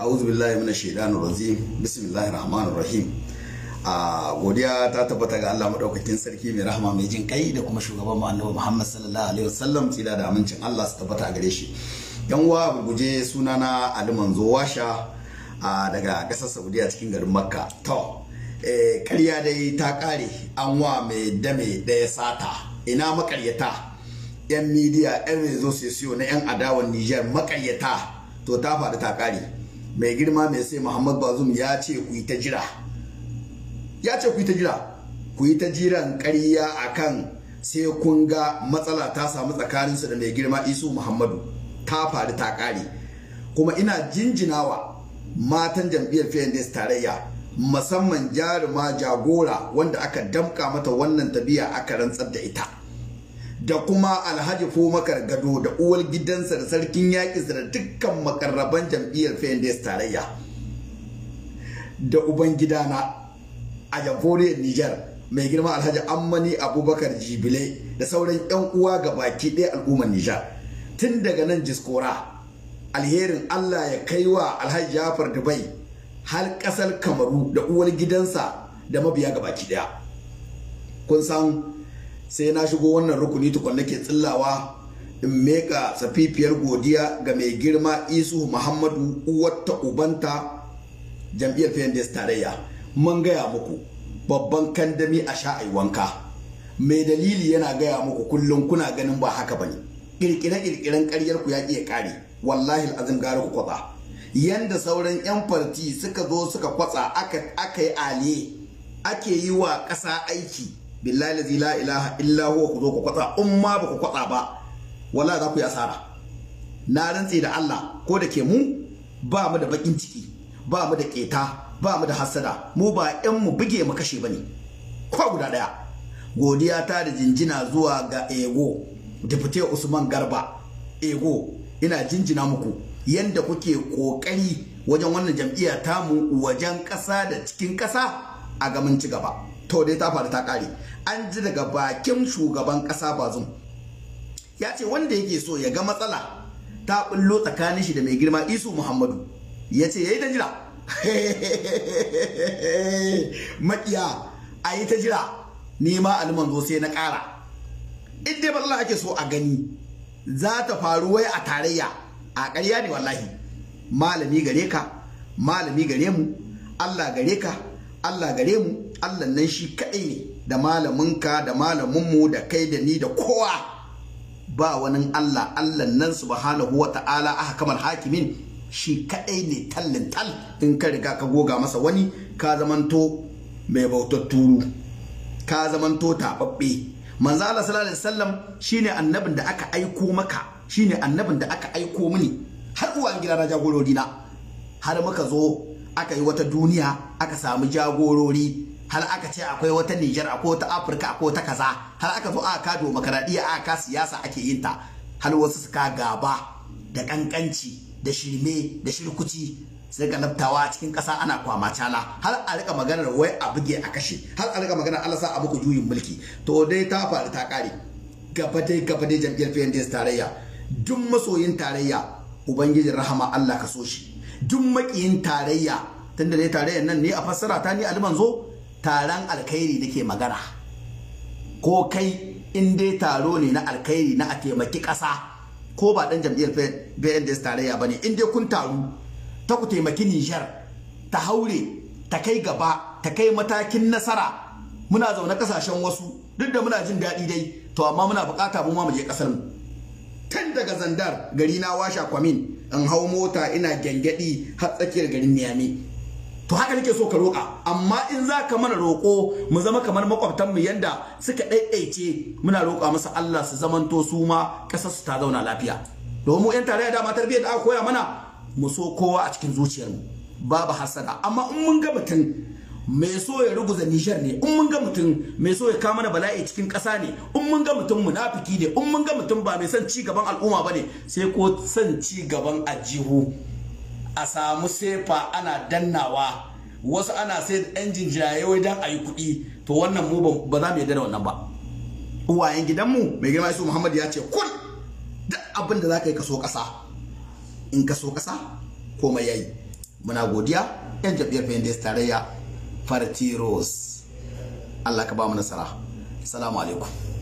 a'udhu billahi minash shaitanir rajim bismillahir rahmanir rahim a godiya ta tabbata ga Allah madaukakin sarki mai rahama mai jin kai da kuma shugaban mu annabi Muhammad sallallahu alaihi wasallam tsira da amincin Allah su tabbata a gare shi yan uwa guje sunana Ali Manzo Washa daga kasar Saudiya cikin garin Makka to eh ƙarya dai ta kare an wa mai dame daya sata ina makaryata yan midiya yan rezo sesiyo na yan adawan Niger makaryata to ta faɗi ta kare mai girma mai sai muhammad bazum ya ce ku yi ta jira ya ce ku yi ta jira ku yi ta jiran ƙarya kan sai kun ga matsala ta samu tsakaninsu da mai girma isu muhammadu ta faru ta ƙare kuma ina jinjinawa matan jam'iyyar fiyandes tarayya musamman jaruma jagora wanda aka damƙa mata wannan tabiya aka rantsar da ita da kuma alhaji fomakar gado da uwar gidansa da sarkin yaƙi da dukkan makarraban jam'iyyar fendes tarayya da uban gidana a jamhuriyar niger mai girma alhaji ammani abubakar jibile da sauran 'yan uwa ga baki ɗaya al'ummar niger tun daga nan jiskora alherin allah ya kai wa alhaji jafar dubai har ƙasar kamaru da uwar gidansa da mabiya ga baki ɗaya kun san sai na shigo wannan rukuni tukun nake tsillawa in meka safifiyar godiya ga mai girma isu muhammadu uwarta ubanta jam'iyyar fendes tarayya mun gaya muku babban kandami a sha'ai wanka mai dalili yana gaya muku kullum kuna ganin ba haka bane kirkire-kirkiren karyar ku ya iya kare wallahi azim gara ku kwatsa yanda sauran yan farti suka zo suka kwatsa aka yi aliye ake yi wa ƙasa aiki billahi la ilaha illa huwa ku zo ku kwatsa in ma ba ku kwatsa ba wala za ku yi asara na rantse da Allah ko da ke mu ba mu da bakin ciki ba mu da keta ba mu da hasada mu ba yan mu buge mu kashe ba ne. ko guda ɗaya. godiya ta da jinjina zuwa ga ego deputy Usman Garba ego ina jinjina muku yanda kuke kokari wajen wannan jam'iyya tamu wajen ƙasa da cikin ƙasa a gamin ci gaba to dai ta faru ta kare an ji daga bakin shugaban kasa bazum ya ce wanda yake so ya ga matsala ta bullo tsakanin shi da mai girma isu muhammadu ya ce ya yi ta jira makiya a yi ta jira nema almanzo sai na kara in dai matsala ake so a gani za ta faru wai a tarayya a ƙarya ne wallahi malami gare ka malami gare mu Allah gare ka Allah gare mu Allah nan shi kaɗai ne da malaminka da malaminmu da kai da ni da kowa ba wani Allah Allah nan subhanahu wa ta'ala aka kamar hakimin shi kaɗai ne tallin tal in ka riga ka goga masa wani ka zamanto mai bautar turu ka zamanto taɓaɓɓe manzo Allah sallallahu alaihi wasallam shine annabin da aka aiko maka shine annabin da aka aiko mini har uwan gida na jagorori na har muka zo aka yi wata duniya aka samu jagorori hal aka ce akwai wata Niger akwai wata Afirka akwai wata kaza hal aka zo aka kado a aka siyasa ake yin ta hal wasu suka gaba da kankanci da shirme da shirkuci sai ga laftawa cikin kasa ana cala har a rika maganar wai a buge a kashe har a rika maganar Allah sa a muku juyin mulki to dai ta faru ta kare gaba dai gaba dai jam'iyyar PNDS tarayya duk masoyin tarayya ubangijin rahama Allah ka so shi duk makiyin tarayya tunda dai tarayyar nan ne a fassara ta ni zo. taron alkhairi nake magana ko kai in dai taro ne na alkhairi na a taimaki ƙasa ko ba ɗan jam'iyyar bnds tarayya ba ne in dai kun taru ta ku taimaki Nijar ta haure ta kai gaba ta kai matakin nasara muna zaune ƙasashen wasu duk da muna jin daɗi dai to amma muna buƙata mu ma mu je ƙasar mu tun daga zandar gari na washa kwamin in hau mota ina gyangyaɗi har tsakiyar garin Miami to haka nake so ka roƙa amma in za ka mana roƙo mu zama kamar makwabtan mu yanda suka ɗaiɗaice muna roƙa masa Allah su zamanto su ma ƙasar su ta zauna lafiya domin mu yan tarayya dama biyar da aka koya mana mu so kowa a cikin zuciyarmu babu hasada amma in mun ga mutum mai so ya ruguza nishar ne in mun ga mutum mai so ya kama mana bala'i cikin ƙasa ne in mun ga mutum munafiki ne in mun ga mutum ba mai son ci gaban al'umma bane sai ko son ci gaban ajihu a samu sefa ana dannawa wasu ana sai da yan jinjiraye wai dan ayi kuɗi to wannan mu ba za mu yadda da wannan ba uwayen gidanmu mai girma su Muhammad ya ce kun duk abin da ka yi kaso ƙasa in kaso ƙasa komai yayi muna godiya yan jam'iyyar ya tarayya Fartiros Allah ka ba mu nasara assalamu alaikum